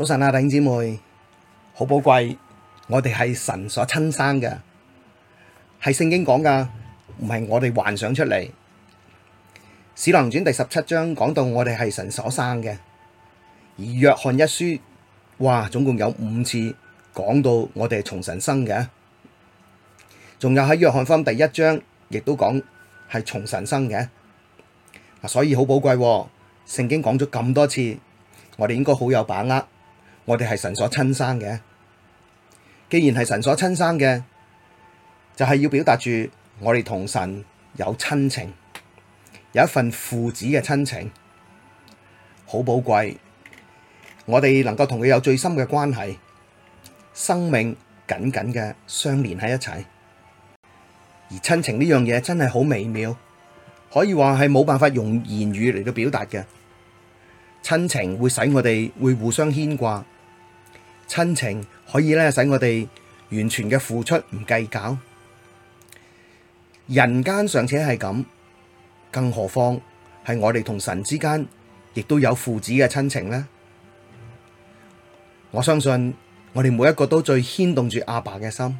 早晨啊，弟兄姊妹，好寶貴，我哋係神所親生嘅，係聖經講噶，唔係我哋幻想出嚟。《使徒行傳》第十七章講到我哋係神所生嘅，而《約翰一書》哇，總共有五次講到我哋係從神生嘅，仲有喺《約翰福音》第一章，亦都講係從神生嘅。嗱，所以好寶貴，聖經講咗咁多次，我哋應該好有把握。我哋係神所親生嘅，既然係神所親生嘅，就係要表達住我哋同神有親情，有一份父子嘅親情，好寶貴。我哋能夠同佢有最深嘅關係，生命緊緊嘅相連喺一齊。而親情呢樣嘢真係好美妙，可以話係冇辦法用言語嚟到表達嘅。親情會使我哋會互相牽掛。親情可以咧使我哋完全嘅付出唔計較，人間尚且係咁，更何況係我哋同神之間，亦都有父子嘅親情呢？我相信我哋每一個都最牽動住阿爸嘅心，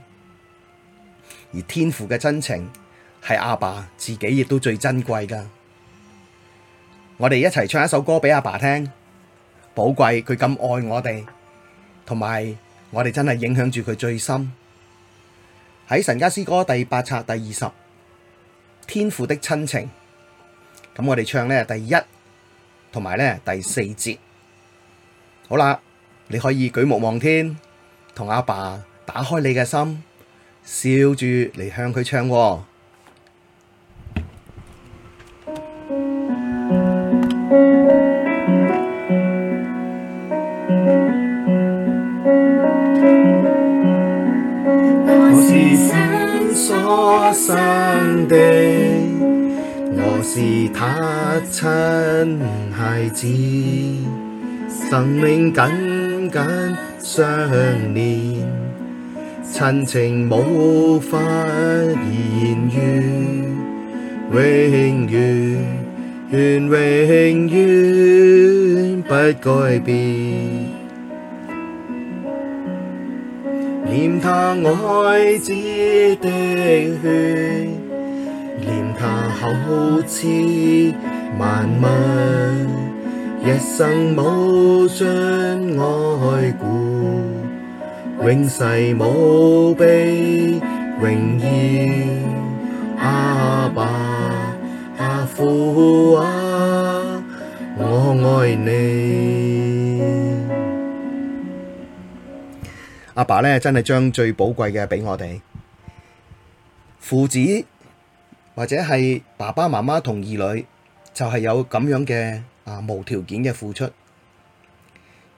而天父嘅親情係阿爸自己亦都最珍貴噶。我哋一齊唱一首歌畀阿爸聽，寶貴佢咁愛我哋。同埋我哋真係影響住佢最深，喺《神家詩歌》第八冊第二十《天父的親情》，咁我哋唱呢第一，同埋呢第四節。好啦，你可以舉目望天，同阿爸，爸打開你嘅心，笑住嚟向佢唱，哦。我生的，我是他親孩子，生命緊緊相連，親情無法言喻，永遠，永永遠不改變。念他愛子的血，念他厚賜萬物，一生無盡愛顧，永世無比榮耀。阿爸阿父啊，我愛你。阿爸咧，真係將最寶貴嘅俾我哋，父子或者係爸爸媽媽同兒女就係有咁樣嘅啊無條件嘅付出，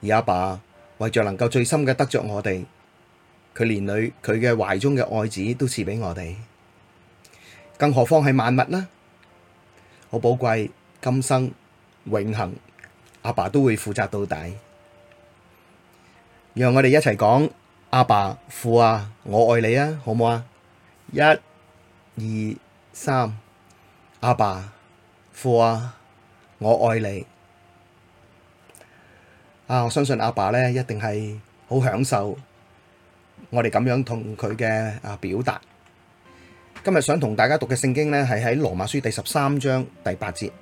而阿爸為着能夠最深嘅得着我哋，佢連累佢嘅懷中嘅愛子都賜俾我哋，更何況係萬物呢？好寶貴，今生永恒，阿爸都會負責到底，讓我哋一齊講。阿爸父啊，我愛你啊，好唔好啊？一、二、三，阿爸父啊，我愛你。啊，我相信阿爸咧，一定係好享受我哋咁樣同佢嘅啊表達。今日想同大家讀嘅聖經咧，係喺羅馬書第十三章第八節。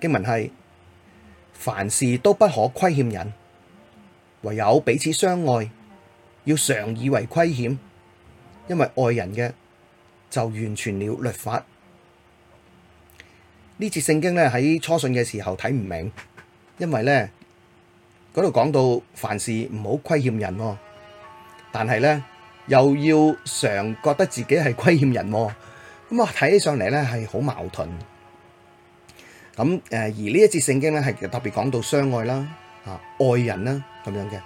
經文係，凡事都不可虧欠人，唯有彼此相愛，要常以為虧欠，因為愛人嘅就完全了律法。呢節聖經咧，喺初信嘅時候睇唔明，因為咧，嗰度講到凡事唔好虧欠人，但係咧又要常覺得自己係虧欠人，咁我睇起上嚟咧係好矛盾。咁誒，而呢一節聖經咧係特別講到相愛啦，啊愛人啦咁樣嘅，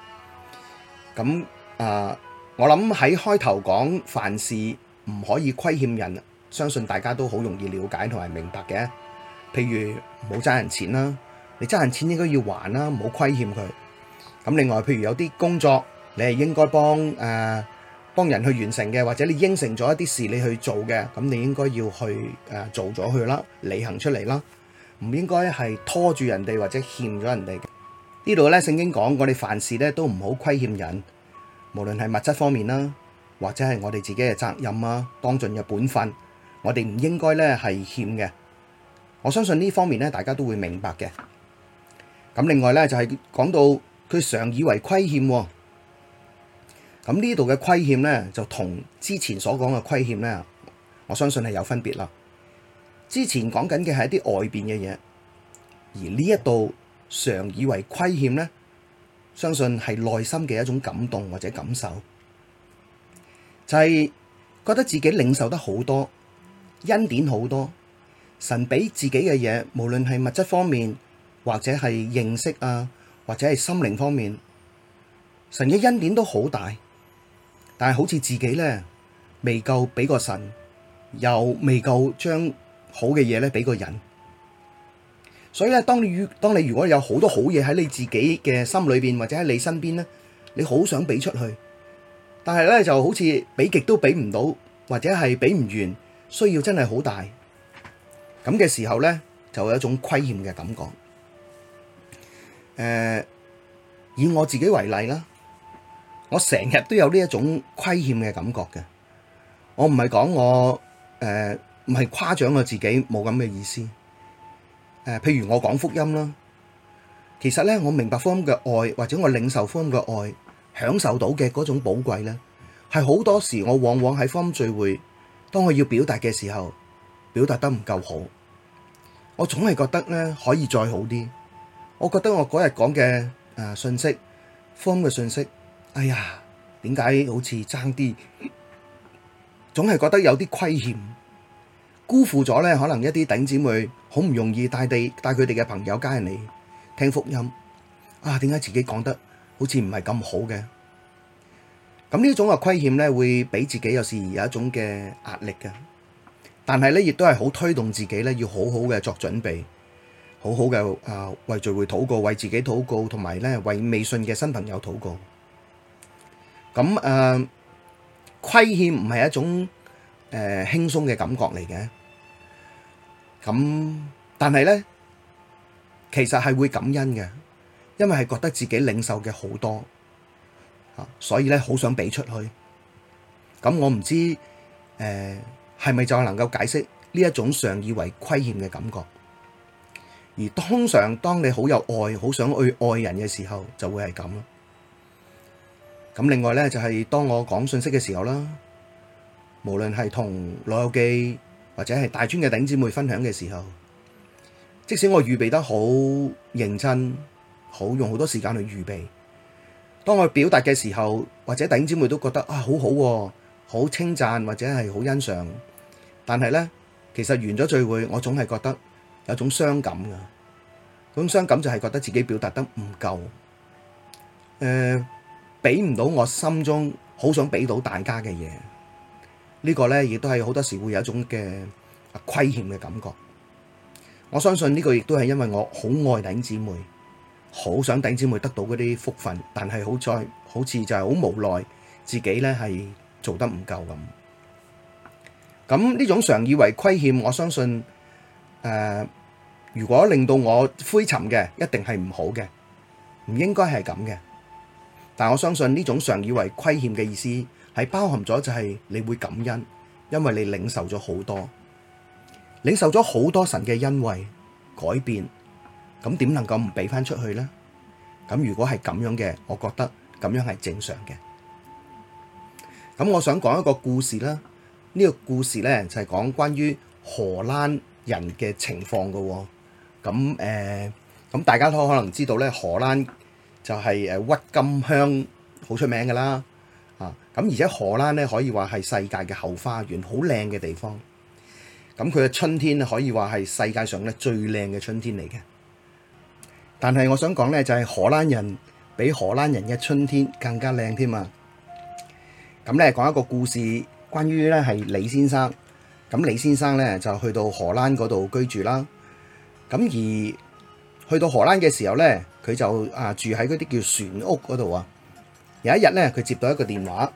咁。誒，uh, 我諗喺開頭講凡事唔可以虧欠人，相信大家都好容易了解同埋明白嘅。譬如冇揸人錢啦，你揸人錢應該要還啦，唔好虧欠佢。咁另外，譬如有啲工作你係應該幫誒、呃、幫人去完成嘅，或者你應承咗一啲事你去做嘅，咁你應該要去誒、呃、做咗佢啦，履行出嚟啦，唔應該係拖住人哋或者欠咗人哋。呢度咧聖經講我哋凡事咧都唔好虧欠人。無論係物質方面啦，或者係我哋自己嘅責任啊，當盡嘅本分，我哋唔應該咧係欠嘅。我相信呢方面咧，大家都會明白嘅。咁另外咧就係講到佢常以為虧欠，咁呢度嘅虧欠咧就同之前所講嘅虧欠咧，我相信係有分別啦。之前講緊嘅係一啲外邊嘅嘢，而呢一度常以為虧欠咧。相信係內心嘅一種感動或者感受，就係覺得自己領受得好多，恩典好多，神俾自己嘅嘢，無論係物質方面或者係認識啊，或者係心靈方面，神嘅恩典都好大，但係好似自己呢，未夠俾個神，又未夠將好嘅嘢呢俾個人。所以咧，當你與當你如果有好多好嘢喺你自己嘅心裏邊，或者喺你身邊咧，你好想俾出去，但係咧就好似俾極都俾唔到，或者係俾唔完，需要真係好大咁嘅時候咧，就有一種虧欠嘅感覺。誒、呃，以我自己為例啦，我成日都有呢一種虧欠嘅感覺嘅。我唔係講我誒，唔、呃、係誇獎我自己，冇咁嘅意思。誒，譬如我講福音啦，其實咧我明白福音嘅愛，或者我領受福音嘅愛，享受到嘅嗰種寶貴咧，係好多時我往往喺福音聚會，當我要表達嘅時候，表達得唔夠好，我總係覺得咧可以再好啲。我覺得我嗰日講嘅誒信息，福音嘅信息，哎呀，點解好似爭啲，總係覺得有啲虧欠。辜負咗咧，可能一啲頂姊妹好唔容易帶地帶佢哋嘅朋友家人嚟聽福音啊！點解自己講得好似唔係咁好嘅？咁呢種嘅虧欠咧，會俾自己有時有一種嘅壓力嘅。但係咧，亦都係好推動自己咧，要好好嘅作準備，好好嘅啊為聚會禱告，為自己禱告，同埋咧為未信嘅新朋友禱告。咁誒，虧欠唔係一種。誒，輕鬆嘅感覺嚟嘅，咁但係咧，其實係會感恩嘅，因為係覺得自己領受嘅好多，啊，所以咧好想俾出去。咁我唔知誒係咪就能夠解釋呢一種常以為虧欠嘅感覺，而通常當你好有愛、好想去愛人嘅時候，就會係咁咯。咁另外咧就係當我講信息嘅時候啦。無論係同老友記或者係大專嘅弟兄姊妹分享嘅時候，即使我預備得好認真，好用好多時間去預備，當我表達嘅時候，或者弟兄姊妹都覺得啊好好啊，好稱讚或者係好欣賞，但係呢，其實完咗聚會，我總係覺得有種傷感噶，嗰種傷感就係覺得自己表達得唔夠，誒、呃，俾唔到我心中好想俾到大家嘅嘢。呢個呢，亦都係好多時會有一種嘅虧欠嘅感覺。我相信呢個亦都係因為我好愛頂姊妹，好想頂姊妹得到嗰啲福分，但係好在好似就係好無奈自己呢係做得唔夠咁。咁呢種常以為虧欠，我相信誒、呃，如果令到我灰沉嘅，一定係唔好嘅，唔應該係咁嘅。但我相信呢種常以為虧欠嘅意思。係包含咗，就係你會感恩，因為你領受咗好多，領受咗好多神嘅恩惠改變，咁點能夠唔俾翻出去呢？咁如果係咁樣嘅，我覺得咁樣係正常嘅。咁我想講一個故事啦，呢個故事呢就係講關於荷蘭人嘅情況噶。咁誒，咁大家都可能知道呢，荷蘭就係誒鬱金香好出名噶啦。啊！咁而且荷蘭咧可以話係世界嘅後花園，好靚嘅地方。咁佢嘅春天可以話係世界上咧最靚嘅春天嚟嘅。但係我想講咧，就係荷蘭人比荷蘭人嘅春天更加靚添啊！咁咧講一個故事，關於咧係李先生。咁李先生咧就去到荷蘭嗰度居住啦。咁而去到荷蘭嘅時候咧，佢就啊住喺嗰啲叫船屋嗰度啊。有一日咧，佢接到一個電話。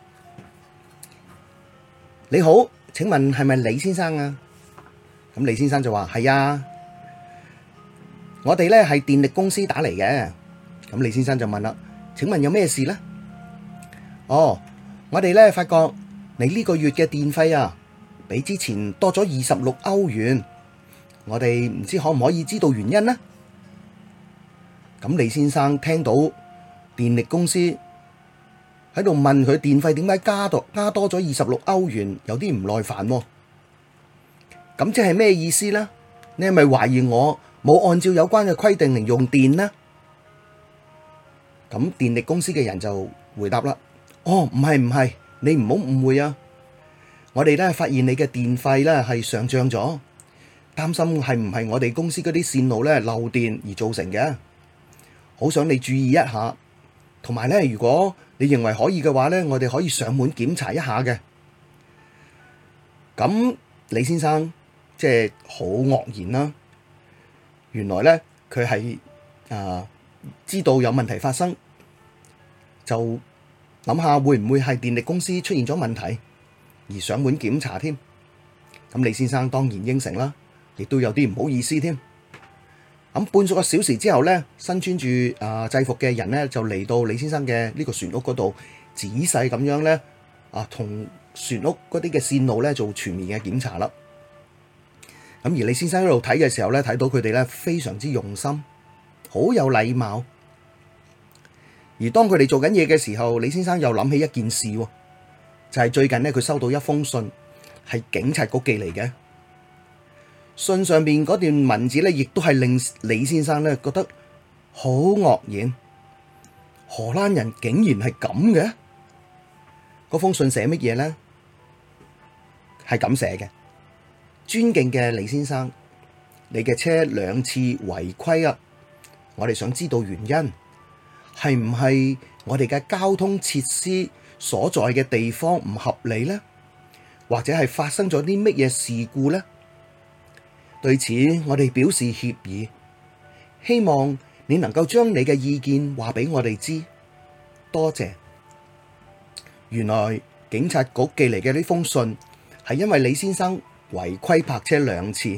你好，請問係咪李先生啊？咁李先生就話：係啊，我哋咧係電力公司打嚟嘅。咁李先生就問啦：請問有咩事呢？哦，我哋咧發覺你呢個月嘅電費啊，比之前多咗二十六歐元。我哋唔知可唔可以知道原因呢？咁李先生聽到電力公司。喺度問佢電費點解加多加多咗二十六歐元，有啲唔耐煩喎。咁即係咩意思呢？你係咪懷疑我冇按照有關嘅規定嚟用電呢？咁電力公司嘅人就回答啦：哦，唔係唔係，你唔好誤會啊！我哋咧發現你嘅電費咧係上漲咗，擔心係唔係我哋公司嗰啲線路咧漏電而造成嘅，好想你注意一下。同埋咧，如果你認為可以嘅話咧，我哋可以上門檢查一下嘅。咁李先生即係好愕然啦，啊，原來咧佢係啊知道有問題發生，就諗下會唔會係電力公司出現咗問題而上門檢查添。咁李先生當然應承啦，亦都有啲唔好意思添。咁半個小時之後咧，身穿住啊制服嘅人咧就嚟到李先生嘅呢個船屋嗰度，仔細咁樣咧啊，同船屋嗰啲嘅線路咧做全面嘅檢查啦。咁而李先生一路睇嘅時候咧，睇到佢哋咧非常之用心，好有禮貌。而當佢哋做緊嘢嘅時候，李先生又諗起一件事喎，就係最近咧佢收到一封信，係警察局寄嚟嘅。信上邊嗰段文字咧，亦都係令李先生咧覺得好愕然。荷蘭人竟然係咁嘅，嗰封信寫乜嘢呢？係咁寫嘅，尊敬嘅李先生，你嘅車兩次違規啊！我哋想知道原因，係唔係我哋嘅交通設施所在嘅地方唔合理呢，或者係發生咗啲乜嘢事故呢？對此，我哋表示歉意。希望你能夠將你嘅意見話俾我哋知。多謝。原來警察局寄嚟嘅呢封信，係因為李先生違規泊車兩次，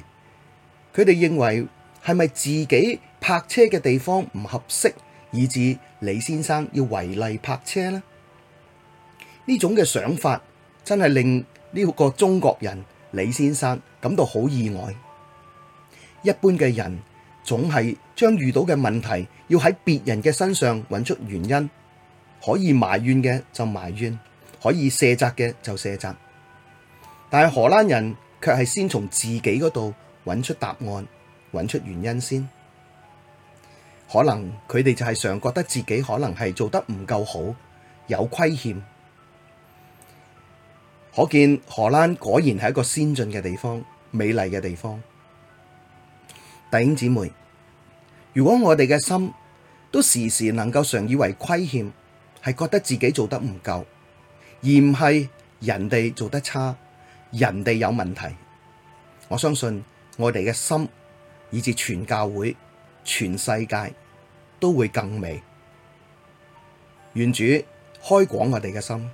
佢哋認為係咪自己泊車嘅地方唔合適，以致李先生要違例泊車呢？呢種嘅想法真係令呢個中國人李先生感到好意外。一般嘅人總係將遇到嘅問題要喺別人嘅身上揾出原因，可以埋怨嘅就埋怨，可以卸責嘅就卸責。但係荷蘭人卻係先從自己嗰度揾出答案，揾出原因先。可能佢哋就係常覺得自己可能係做得唔夠好，有虧欠。可見荷蘭果然係一個先進嘅地方，美麗嘅地方。弟兄姊妹，如果我哋嘅心都時時能夠常以為虧欠，係覺得自己做得唔夠，而唔係人哋做得差，人哋有問題，我相信我哋嘅心，以至全教會、全世界都會更美。願主開廣我哋嘅心。